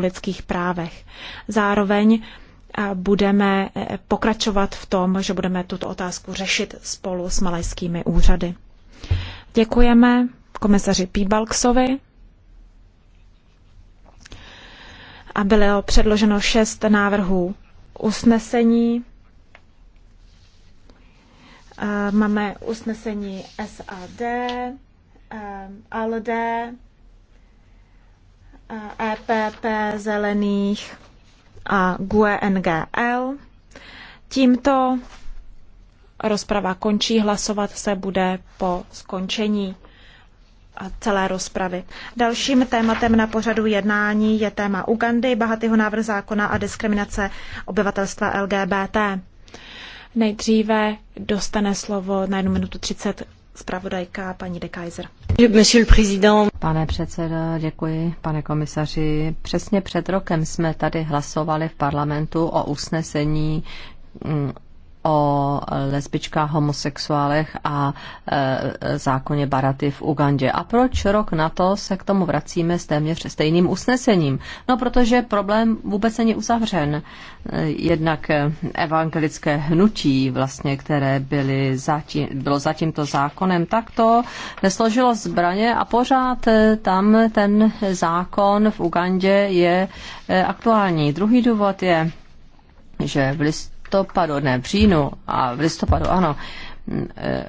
lidských právech. Zároveň eh, budeme eh, pokračovat v tom, že budeme tuto otázku řešit spolu s malajskými úřady. Děkujeme komisaři Píbalksovi. A bylo předloženo šest návrhů usnesení. Eh, máme usnesení SAD, ALD, EPP Zelených a GUE NGL. Tímto rozprava končí, hlasovat se bude po skončení celé rozpravy. Dalším tématem na pořadu jednání je téma Ugandy, Bahatyho návrh zákona a diskriminace obyvatelstva LGBT. Nejdříve dostane slovo na jednu minutu 30 zpravodajka paní de Kaiser. Pane předsedo, děkuji. Pane komisaři, přesně před rokem jsme tady hlasovali v parlamentu o usnesení mm, o lesbičkách, homosexuálech a e, zákoně Baraty v Ugandě. A proč rok na to se k tomu vracíme s téměř stejným usnesením? No, protože problém vůbec není uzavřen. E, jednak e, evangelické hnutí, vlastně, které byly zatím, bylo za tímto zákonem, tak to nesložilo zbraně a pořád e, tam ten zákon v Ugandě je aktuální. Druhý důvod je, že v listu listopadu, ne v říjnu, a v listopadu, ano, eh,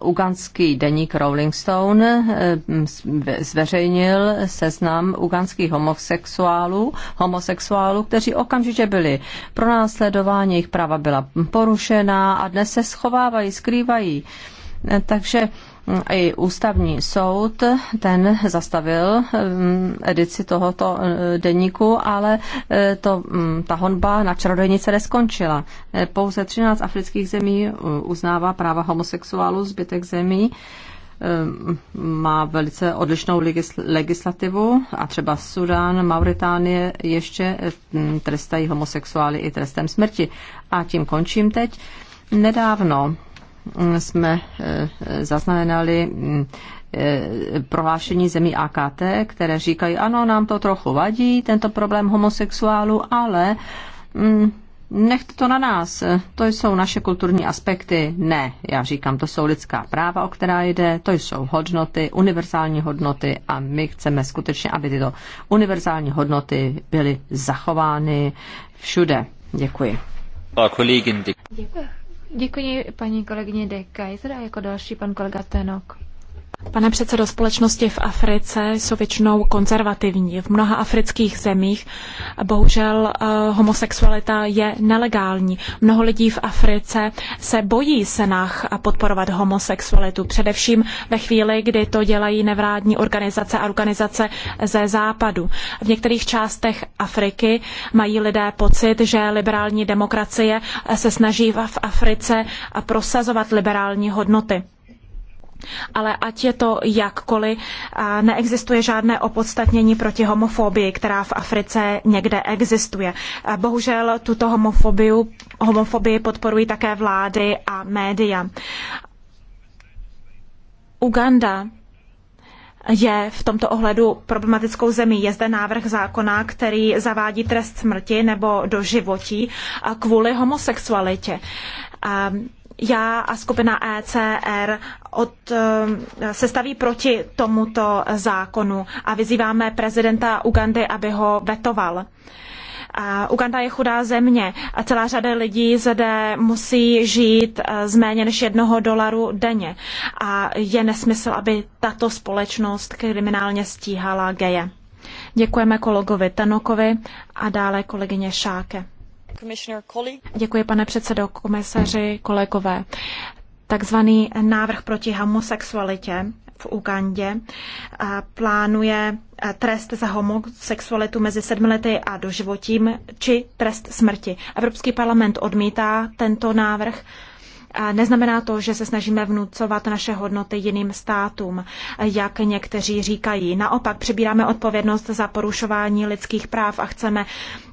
uganský deník Rolling Stone eh, zveřejnil seznam uganských homosexuálů, homosexuálů, kteří okamžitě byli pronásledováni, jejich práva byla porušená a dnes se schovávají, skrývají. Eh, takže i ústavní soud, ten zastavil mm, edici tohoto eh, deníku, ale eh, to, mm, ta honba na čarodejnice neskončila. Eh, pouze 13 afrických zemí uznává práva homosexuálů, zbytek zemí mm, má velice odlišnou legislativu a třeba Sudán, Mauritánie ještě trestají homosexuály i trestem smrti. A tím končím teď. Nedávno Mm, jsme eh, zaznamenali mm, eh, prohlášení zemí AKT, které říkají, ano, nám to trochu vadí, tento problém homosexuálu, ale mm, nechte to na nás, to jsou naše kulturní aspekty. Ne, já říkám, to jsou lidská práva, o která jde, to jsou hodnoty, univerzální hodnoty a my chceme skutečně, aby tyto univerzální hodnoty byly zachovány všude. Děkuji. Děkuji. Děkuji paní kolegyně De Kaiser a jako další pan kolega Tenok. Pane předsedo, společnosti v Africe jsou většinou konzervativní. V mnoha afrických zemích bohužel eh, homosexualita je nelegální. Mnoho lidí v Africe se bojí senách podporovat homosexualitu, především ve chvíli, kdy to dělají nevrádní organizace a organizace ze západu. V některých částech Afriky mají lidé pocit, že liberální demokracie se snaží v Africe prosazovat liberální hodnoty. Ale ať je to jakkoliv, neexistuje žádné opodstatnění proti homofobii, která v Africe někde existuje. Bohužel tuto homofobii, homofobii podporují také vlády a média. Uganda je v tomto ohledu problematickou zemí. Je zde návrh zákona, který zavádí trest smrti nebo doživotí kvůli homosexualitě já a skupina ECR od, ehm, se staví proti tomuto zákonu a vyzýváme prezidenta Ugandy, aby ho vetoval. Uganda je chudá země a celá řada lidí zde musí žít eh, z méně než jednoho dolaru denně. A je nesmysl, aby tato společnost kriminálně stíhala geje. Děkujeme kolegovi Tanokovi a dále kolegyně Šáke. Děkuji, pane předsedo, komisaři, kolegové. Takzvaný návrh proti homosexualitě v Ugandě eh, plánuje eh, trest za homosexualitu mezi sedmilety a doživotím či trest smrti. Evropský parlament odmítá tento návrh Neznamená to, že se snažíme vnucovat naše hodnoty jiným státům, jak někteří říkají. Naopak přebíráme odpovědnost za porušování lidských práv a chceme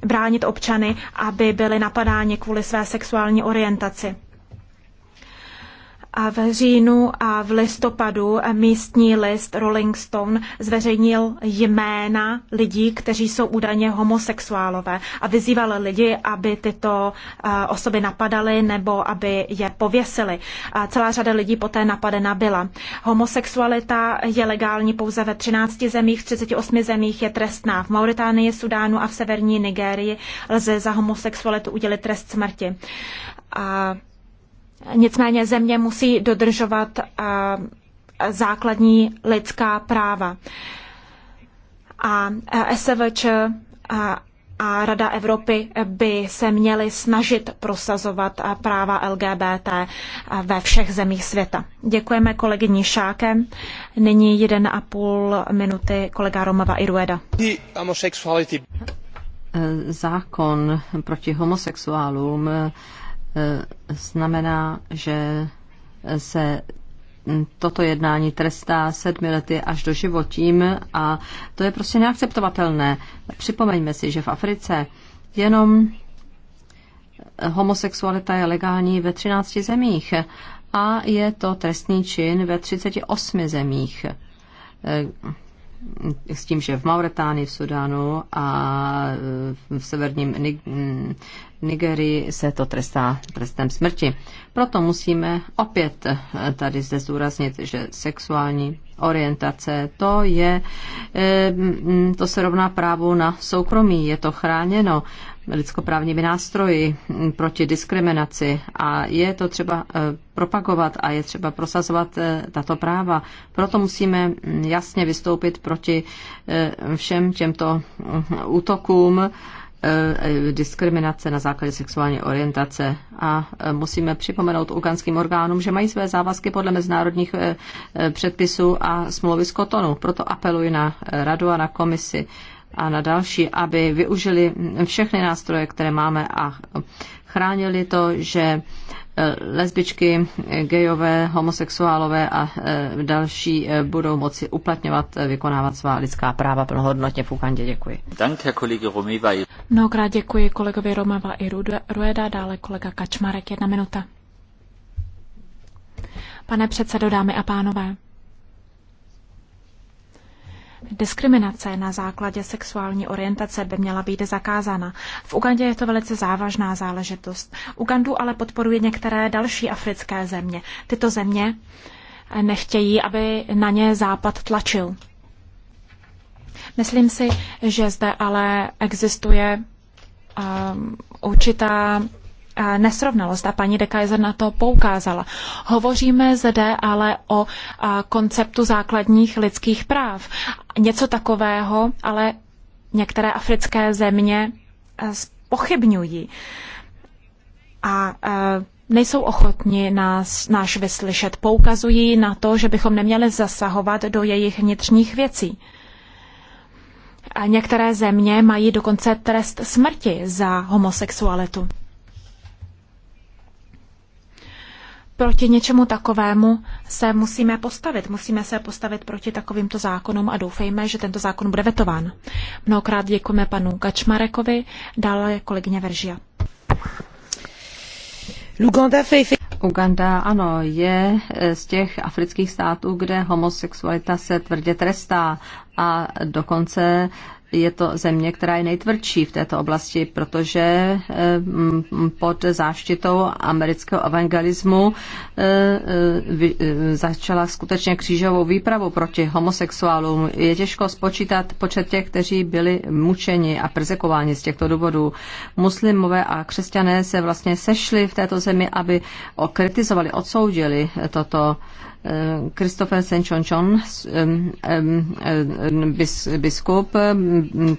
bránit občany, aby byli napadáni kvůli své sexuální orientaci. A v říjnu a v listopadu místní list Rolling Stone zveřejnil jména lidí, kteří jsou údajně homosexuálové a vyzýval lidi, aby tyto eh, osoby napadaly nebo aby je pověsili. A celá řada lidí poté napadena byla. Homosexualita je legální pouze ve 13 zemích, v 38 zemích je trestná. V Mauritánii, Sudánu a v severní Nigérii lze za homosexualitu udělit trest smrti. A Nicméně země musí dodržovat eh, základní lidská práva. A eh, SVČ eh, a, Rada Evropy by se měly snažit prosazovat práva LGBT ve všech zemích světa. Děkujeme kolegyni Šákem. Nyní jeden a půl minuty kolega Romava Irueda. Zákon proti homosexuálům Eh, znamená, že se toto jednání trestá sedmi lety až do životím a to je prostě neakceptovatelné. Připomeňme si, že v Africe jenom homosexualita je legální ve 13 zemích a je to trestný čin ve 38 zemích eh, s tím, že v Mauretánii, v Sudánu a e, v severním Nigerii se to trestá trestem smrti. Proto musíme opět e, tady zde zdůraznit, že sexuální orientace, to je, e, to se rovná právu na soukromí, je to chráněno lidskoprávními nástroji mm, proti diskriminaci a je to třeba eh, propagovat a je třeba prosazovat eh, tato práva. Proto musíme mm, jasně vystoupit proti eh, všem těmto mm, útokům diskriminace na základě sexuální orientace a musíme připomenout uganským orgánům, že mají své závazky podle mezinárodních předpisů a smlouvy z Kotonu. Proto apeluji na radu a na komisi, a na další, aby využili všechny nástroje, které máme a chránili to, že e, lesbičky, gejové, homosexuálové a e, další e, budou moci uplatňovat, vykonávat svá lidská práva plnohodnotně v Ugandě. Děkuji. Mnohokrát děkuji kolegovi Romava i Rueda, dále kolega Kačmarek, jedna minuta. Pane předsedo, dámy a pánové, Diskriminace na základě sexuální orientace by měla být zakázána. V Ugandě je to velice závažná záležitost. Ugandu ale podporuje některé další africké země. Tyto země nechtějí, aby na ně Západ tlačil. Myslím si, že zde ale existuje um, určitá nesrovnalost a paní de Kaiser na to poukázala. Hovoříme zde ale o konceptu základních lidských práv. Něco takového ale některé africké země e, pochybňují a e, nejsou ochotni nás, náš vyslyšet. Poukazují na to, že bychom neměli zasahovat do jejich vnitřních věcí. A některé země mají dokonce trest smrti za homosexualitu. proti něčemu takovému se musíme postavit. Musíme se postavit proti takovýmto zákonům a doufejme, že tento zákon bude vetován. Mnohokrát děkujeme panu Kačmarekovi, dále kolegyně Veržia. Uganda, ano, je eh, z těch afrických států, kde homosexualita se tvrdě trestá a dokonce je to země, která je nejtvrdší v této oblasti, protože eh, pod záštitou amerického evangelismu eh, eh, začala skutečně křížovou výpravu proti homosexuálům. Je těžko spočítat počet těch, kteří byli mučeni a prezekováni z těchto důvodů. Muslimové a křesťané se vlastně sešli v této zemi, aby kritizovali, odsoudili toto Christopher Senchonchon, biskup,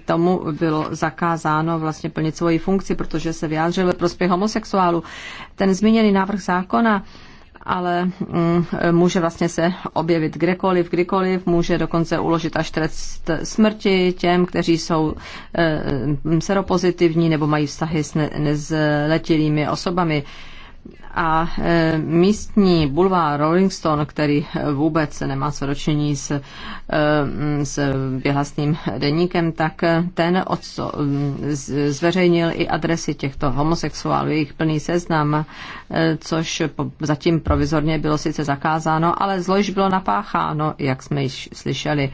tomu bylo zakázáno vlastně plnit svoji funkci, protože se vyjádřil ve prospěch homosexuálu. Ten zmíněný návrh zákona ale mm, může vlastně se objevit kdekoliv, kdykoliv, může dokonce uložit až trest smrti těm, kteří jsou eh, seropozitivní nebo mají vztahy s nezletilými osobami a e, místní bulvár Rolling Stone, který vůbec nemá co dočení s, e, s běhlasným deníkem, tak ten odso, zveřejnil i adresy těchto homosexuálů, jejich plný seznam, e, což zatím provizorně bylo sice zakázáno, ale zlo již bylo napácháno, jak jsme již slyšeli.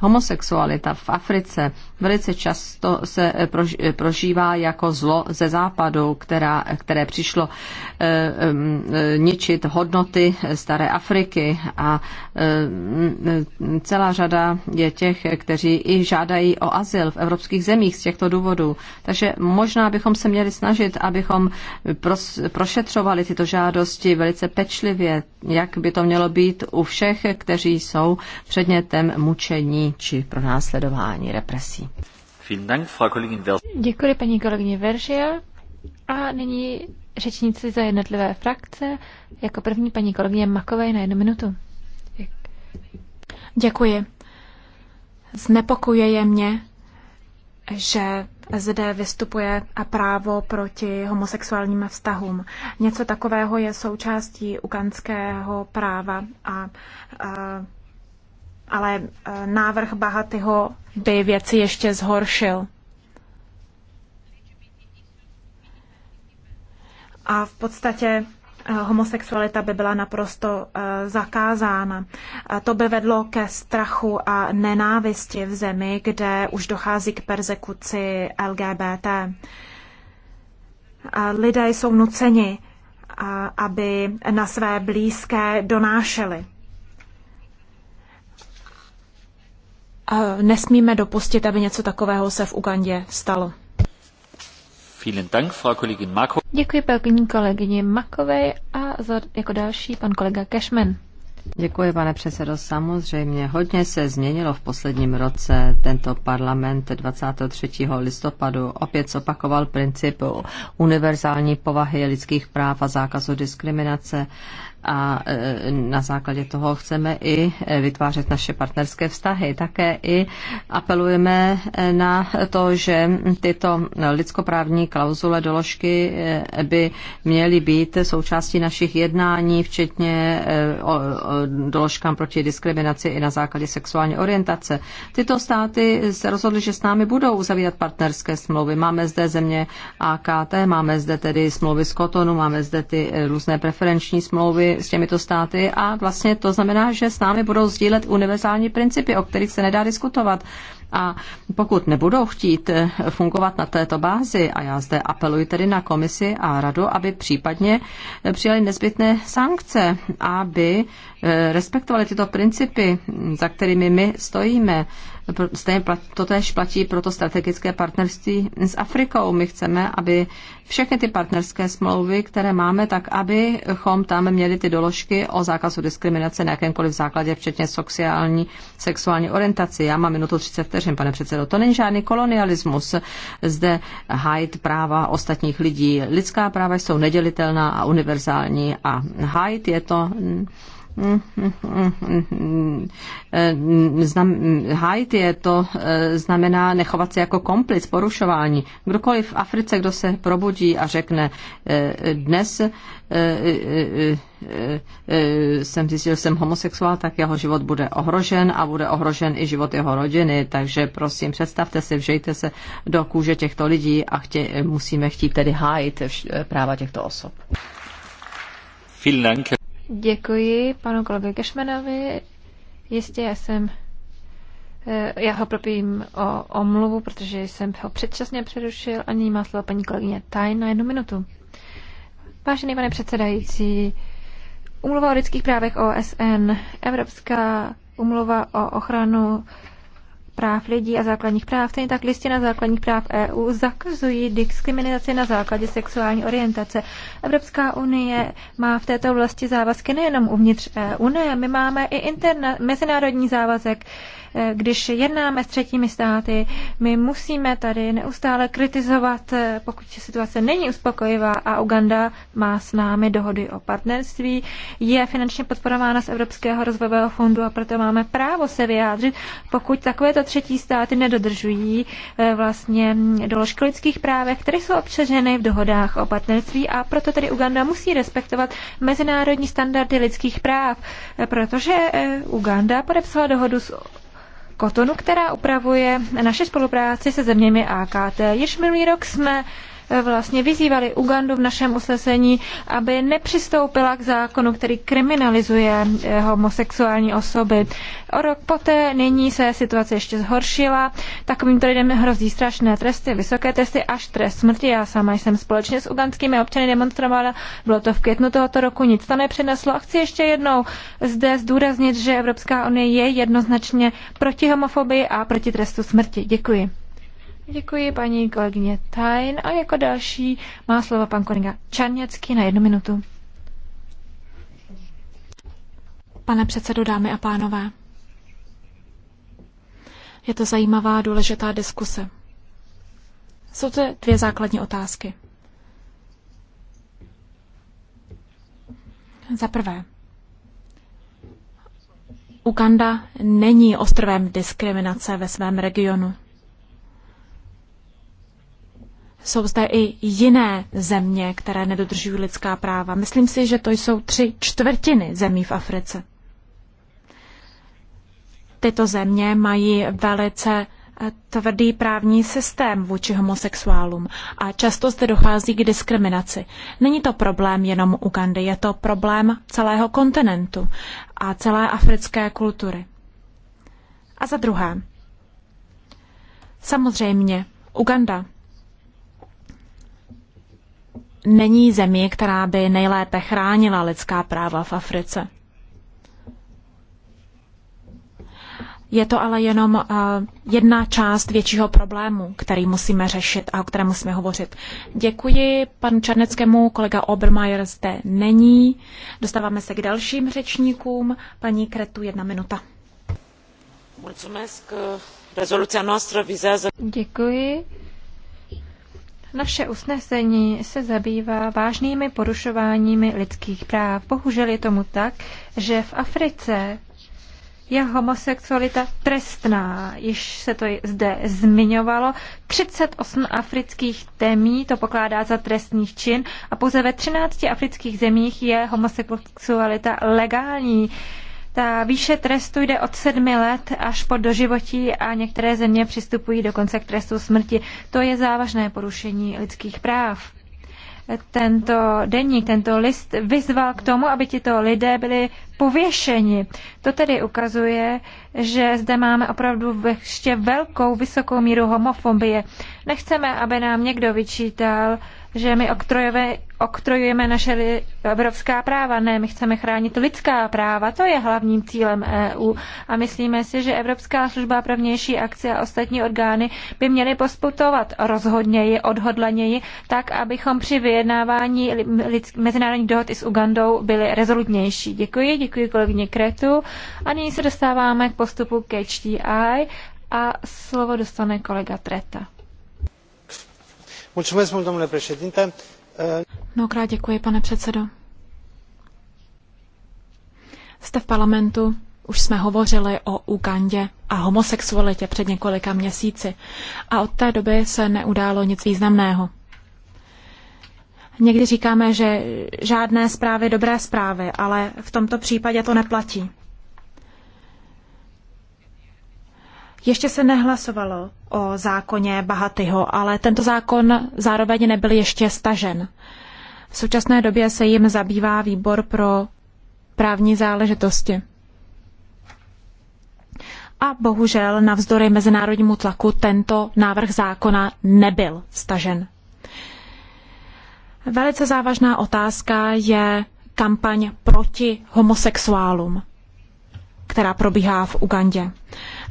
Homosexualita v Africe velice často se eh, eh, prožívá jako zlo ze západu, která, které přišlo eh, ničit hodnoty staré Afriky a celá řada je těch, kteří i žádají o azyl v evropských zemích z těchto důvodů. Takže možná bychom se měli snažit, abychom prošetřovali tyto žádosti velice pečlivě, jak by to mělo být u všech, kteří jsou předmětem mučení či pro následování represí. Děkuji paní kolegyně Veržia a nyní řečníci za jednotlivé frakce. Jako první paní kolegyně Makové na jednu minutu. Děkuji. Znepokojuje mě, že zde vystupuje a právo proti homosexuálním vztahům. Něco takového je součástí ukanského práva a, a ale eh, návrh Bahatyho by věci ještě zhoršil. A v podstatě eh, homosexualita by byla naprosto eh, zakázána. To by vedlo ke strachu a nenávisti v zemi, kde už dochází k persekuci LGBT. Lidé jsou nuceni, aby na své blízké donášeli. nesmíme dopustit, aby něco takového se v Ugandě stalo. Děkuji paní kolegyni Makovej a za, jako další pan kolega Cashman. Děkuji, pane předsedo. Samozřejmě hodně se změnilo v posledním roce. Tento parlament 23. listopadu opět zopakoval princip univerzální povahy lidských práv a zákazu diskriminace a e, na základě toho chceme i e, vytvářet naše partnerské vztahy. Také i apelujeme e, na to, že tyto lidskoprávní klauzule doložky by měly být součástí našich jednání, včetně o doložkám proti diskriminaci i na základě sexuální orientace. Tyto státy se rozhodly, že s námi budou uzavírat partnerské smlouvy. Máme zde země AKT, máme zde tedy smlouvy z Kotonu, máme zde ty různé preferenční smlouvy s těmito státy a vlastně to znamená, že s námi budou sdílet univerzální principy, o kterých se nedá diskutovat. A pokud nebudou chtít eh, fungovat na této bázi, a já zde apeluji tedy na komisi a radu, aby případně přijali nezbytné sankce, aby Eh, respektovali tyto principy, za kterými my stojíme. Stejně to tež platí pro to strategické partnerství s Afrikou. My chceme, aby všechny ty partnerské smlouvy, které máme, tak abychom tam měli ty doložky o zákazu diskriminace na jakémkoliv základě, včetně sociální, sexuální orientaci. Já mám minutu 30 vteřin, pane předsedo. To není žádný kolonialismus. Zde hájit práva ostatních lidí. Lidská práva jsou nedělitelná a univerzální a hájit je to znam, hájit je to eh, znamená nechovat se jako komplic porušování. Kdokoliv v Africe, kdo se probudí a řekne eh, dnes eh, jsem zjistil, že jsem homosexuál, tak jeho život bude ohrožen a bude ohrožen i život jeho rodiny. Takže prosím, představte si, vžejte se do kůže těchto lidí a chtě, musíme chtít tedy hájit práva těchto osob. Vielen Dank, Děkuji panu kolegovi Kešmenovi. Jistě já jsem eh, já ho propím o omluvu, protože jsem ho předčasně přerušil a nyní má slovo paní kolegyně Tajn na jednu minutu. Vážený pane předsedající, Umluva o lidských právech OSN, Evropská umluva o ochranu práv lidí a základních práv, stejně tak listina základních práv EU zakazují diskriminaci na základě sexuální orientace. Evropská unie má v této oblasti závazky nejenom uvnitř EU, ne, my máme i interna- mezinárodní závazek když jednáme s třetími státy, my musíme tady neustále kritizovat, eh, pokud situace není uspokojivá a Uganda má s námi dohody o partnerství, je finančně podporována z Evropského rozvojového fondu a proto máme právo se vyjádřit, pokud takovéto třetí státy nedodržují eh, vlastně mm, doložky lidských práv, které jsou obsaženy v dohodách o partnerství a proto tedy Uganda musí respektovat mezinárodní standardy lidských práv, eh, protože Uganda podepsala dohodu s Kotonu, která upravuje naše spolupráci se zeměmi AKT. Již minulý rok jsme vlastně vyzývali Ugandu v našem usnesení, aby nepřistoupila k zákonu, který kriminalizuje eh, homosexuální osoby. O rok poté nyní se situace ještě zhoršila. Takovýmto lidem hrozí strašné tresty, vysoké tresty až trest smrti. Já sama jsem společně s ugandskými občany demonstrovala. Bylo to v květnu tohoto roku, nic to nepřineslo. A chci ještě jednou zde zdůraznit, že Evropská unie je jednoznačně proti homofobii a proti trestu smrti. Děkuji. Děkuji paní kolegyně Tajn a jako další má slovo pan kolega Čarněcký na jednu minutu. Pane předsedo, dámy a pánové, je to zajímavá, důležitá diskuse. Jsou to dvě základní otázky. Za prvé, Uganda není ostrovem diskriminace ve svém regionu. Jsou zde i jiné země, které nedodržují lidská práva. Myslím si, že to jsou tři čtvrtiny zemí v Africe. Tyto země mají velice eh, tvrdý právní systém vůči homosexuálům a často zde dochází k diskriminaci. Není to problém jenom Ugandy, je to problém celého kontinentu a celé africké kultury. A za druhé, samozřejmě, Uganda není zemí, která by nejlépe chránila lidská práva v Africe. Je to ale jenom eh, jedna část většího problému, který musíme řešit a o kterém musíme hovořit. Děkuji panu Černeckému, kolega Obermeier zde není. Dostáváme se k dalším řečníkům. Paní Kretu, jedna minuta. Mulțumesc. Rezoluția noastră vizează... Děkuji. Naše usnesení se zabývá vážnými porušováními lidských práv. Bohužel je tomu tak, že v Africe je homosexualita trestná. Již se to zde zmiňovalo. 38 afrických temí to pokládá za trestný čin a pouze ve 13 afrických zemích je homosexualita legální. Ta výše trestu jde od sedmi let až po doživotí a některé země přistupují dokonce k trestu smrti. To je závažné porušení lidských práv. Tento denník, tento list vyzval k tomu, aby tito lidé byli pověšeni. To tedy ukazuje, že zde máme opravdu ještě velkou, vysokou míru homofobie. Nechceme, aby nám někdo vyčítal, že my oktrojové oktrojujeme naše evropská práva. Ne, my chceme chránit lidská práva, to je hlavním cílem EU. A myslíme si, že Evropská služba pro vnější akce a ostatní orgány by měly posputovat rozhodněji, odhodlaněji, tak, abychom při vyjednávání mezinárodních dohod i s Ugandou byli rezolutnější. Děkuji, děkuji kolegyně Kretu. A nyní se dostáváme k postupu k HDI a slovo dostane kolega Treta. Mulțumesc mult, domnule președinte Mnohokrát děkuji, pane předsedo. Jste v parlamentu, už jsme hovořili o Ugandě a homosexualitě před několika měsíci a od té doby se neudálo nic významného. Někdy říkáme, že žádné zprávy dobré zprávy, ale v tomto případě to neplatí. Ještě se nehlasovalo o zákoně Bahatyho, ale tento zákon zároveň nebyl ještě stažen. V současné době se jim zabývá výbor pro právní záležitosti. A bohužel navzdory mezinárodnímu tlaku tento návrh zákona nebyl stažen. Velice závažná otázka je kampaň proti homosexuálům která probíhá v Ugandě.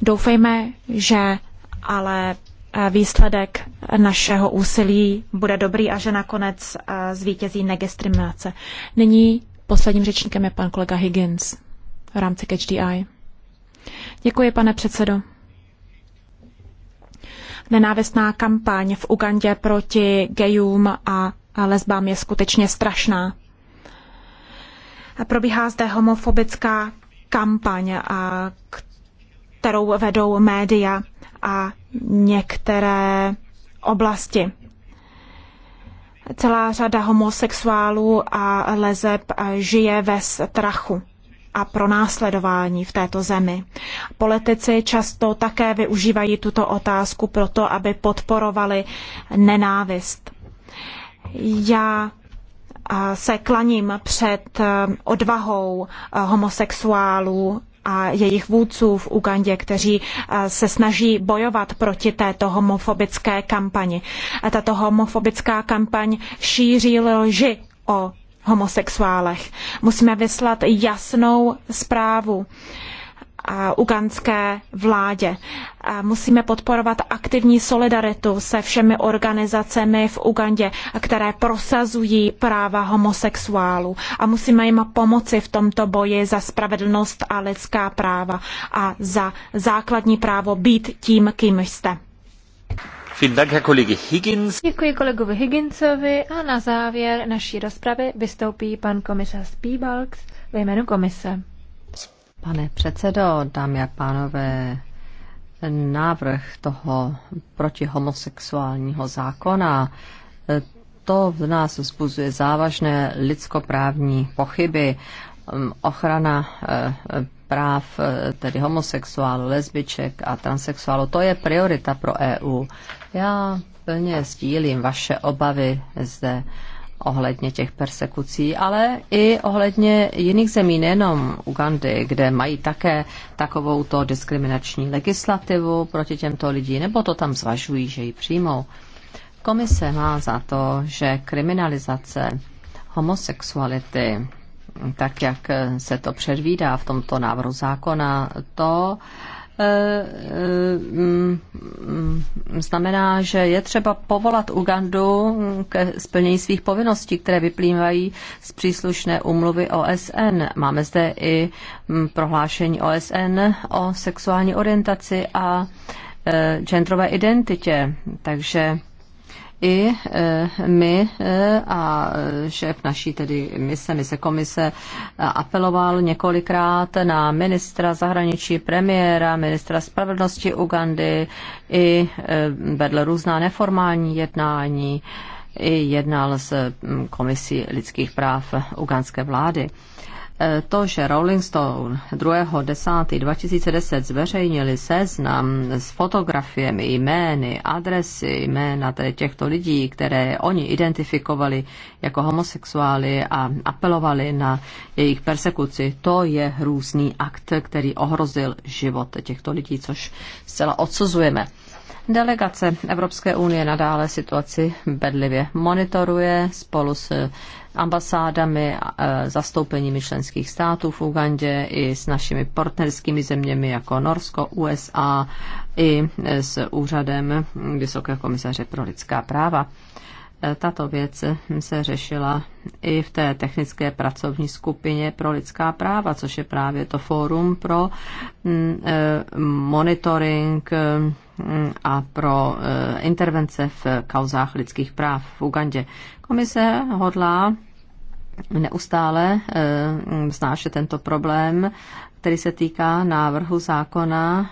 Doufejme, že ale eh, výsledek našeho úsilí bude dobrý a že nakonec eh, zvítězí negestrimace. Nyní posledním řečníkem je pan kolega Higgins v rámci HDI. Děkuji, pane předsedo. Nenávistná kampaň v Ugandě proti gejům a lesbám je skutečně strašná. Probíhá zde homofobická kampaň, kterou vedou média a některé oblasti. Celá řada homosexuálů a lezeb žije ve strachu a pronásledování v této zemi. Politici často také využívají tuto otázku proto, aby podporovali nenávist. Já se klaním před eh, odvahou eh, homosexuálů a jejich vůdců v Ugandě, kteří eh, se snaží bojovat proti této homofobické kampani. Tato homofobická kampaň šíří lži o homosexuálech. Musíme vyslat jasnou zprávu. Ugandské vládě. Musíme podporovat aktivní solidaritu se všemi organizacemi v Ugandě, které prosazují práva homosexuálů. A musíme jim pomoci v tomto boji za spravedlnost a lidská práva a za základní právo být tím, kým jste. Děkuji kolegovi Higginsovi a na závěr naší rozpravy vystoupí pan komisař Spíbalks ve jménu komise. Pane předsedo, dámy a pánové, návrh toho protihomosexuálního zákona, to v nás vzbuzuje závažné lidskoprávní pochyby. Ochrana eh, práv eh, tedy homosexuálů, lesbiček a transexuálů, to je priorita pro EU. Já plně sdílím vaše obavy zde ohledně těch persekucí, ale i ohledně jiných zemí, nejenom Ugandy, kde mají také takovou to diskriminační legislativu proti těmto lidí, nebo to tam zvažují, že ji přijmou. Komise má za to, že kriminalizace homosexuality, tak jak se to předvídá v tomto návrhu zákona, to uh, Eh, eh, mm, znamená, že je třeba povolat Ugandu ke splnění svých povinností, které vyplývají z příslušné umluvy OSN. Máme zde i mm, prohlášení OSN o sexuální orientaci a eh, genderové identitě. Takže i e, my e, a šéf naší tedy mise, mise komise e, apeloval několikrát na ministra zahraničí, premiéra, ministra spravedlnosti Ugandy i vedl různá neformální jednání i jednal s Komisí lidských práv uganské vlády to, že Rolling Stone 2.10.2010 zveřejnili seznam s fotografiemi, jmény, adresy, jména tedy těchto lidí, které oni identifikovali jako homosexuály a apelovali na jejich persekuci, to je hrůzný akt, který ohrozil život těchto lidí, což zcela odsuzujeme. Delegace Evropské unie nadále situaci bedlivě monitoruje spolu s ambasádami, e, zastoupeními členských států v Ugandě i s našimi partnerskými zeměmi jako Norsko, USA i s úřadem Vysokého komisaře pro lidská práva. Eh, tato věc hm, se řešila i v té technické pracovní skupině pro lidská práva, což je právě to fórum pro hm, eh, monitoring hm, a pro eh, intervence v kauzách lidských práv v Ugandě. Komise hodlá neustále znášet tento problém, který se týká návrhu zákona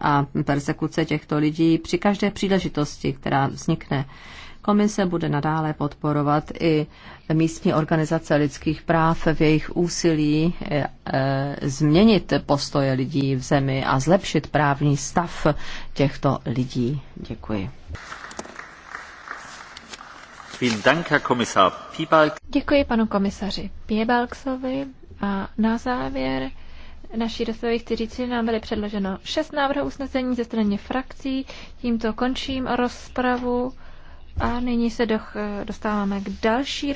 a persekuce těchto lidí při každé příležitosti, která vznikne. Komise bude nadále podporovat i místní organizace lidských práv v jejich úsilí eh, eh, změnit postoje lidí v zemi a zlepšit právní stav těchto lidí. Děkuji. Děkuji panu komisaři Piebalksovi a na závěr naší rozpravy chci říct, že nám byly předloženo šest návrhů usnesení ze strany frakcí. Tímto končím rozpravu. A nyní se doch, dostáváme k další